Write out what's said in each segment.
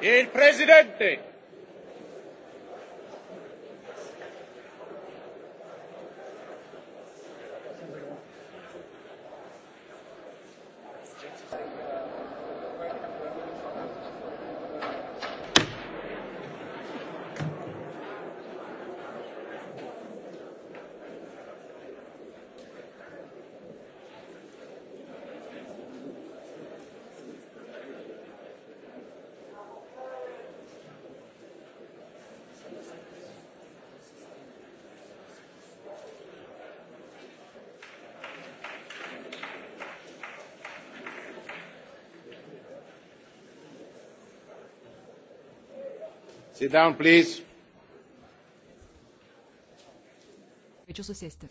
e il presidente Sit down, please. Kviečiu susėsti.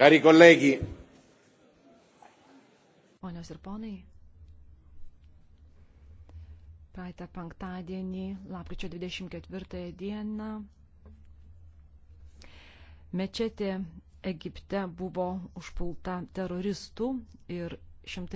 Cari colleghi. Ponios ir ponai, praeitą penktadienį, lapkričio 24 dieną, mečetė Egipte buvo užpulta teroristų ir šimtai.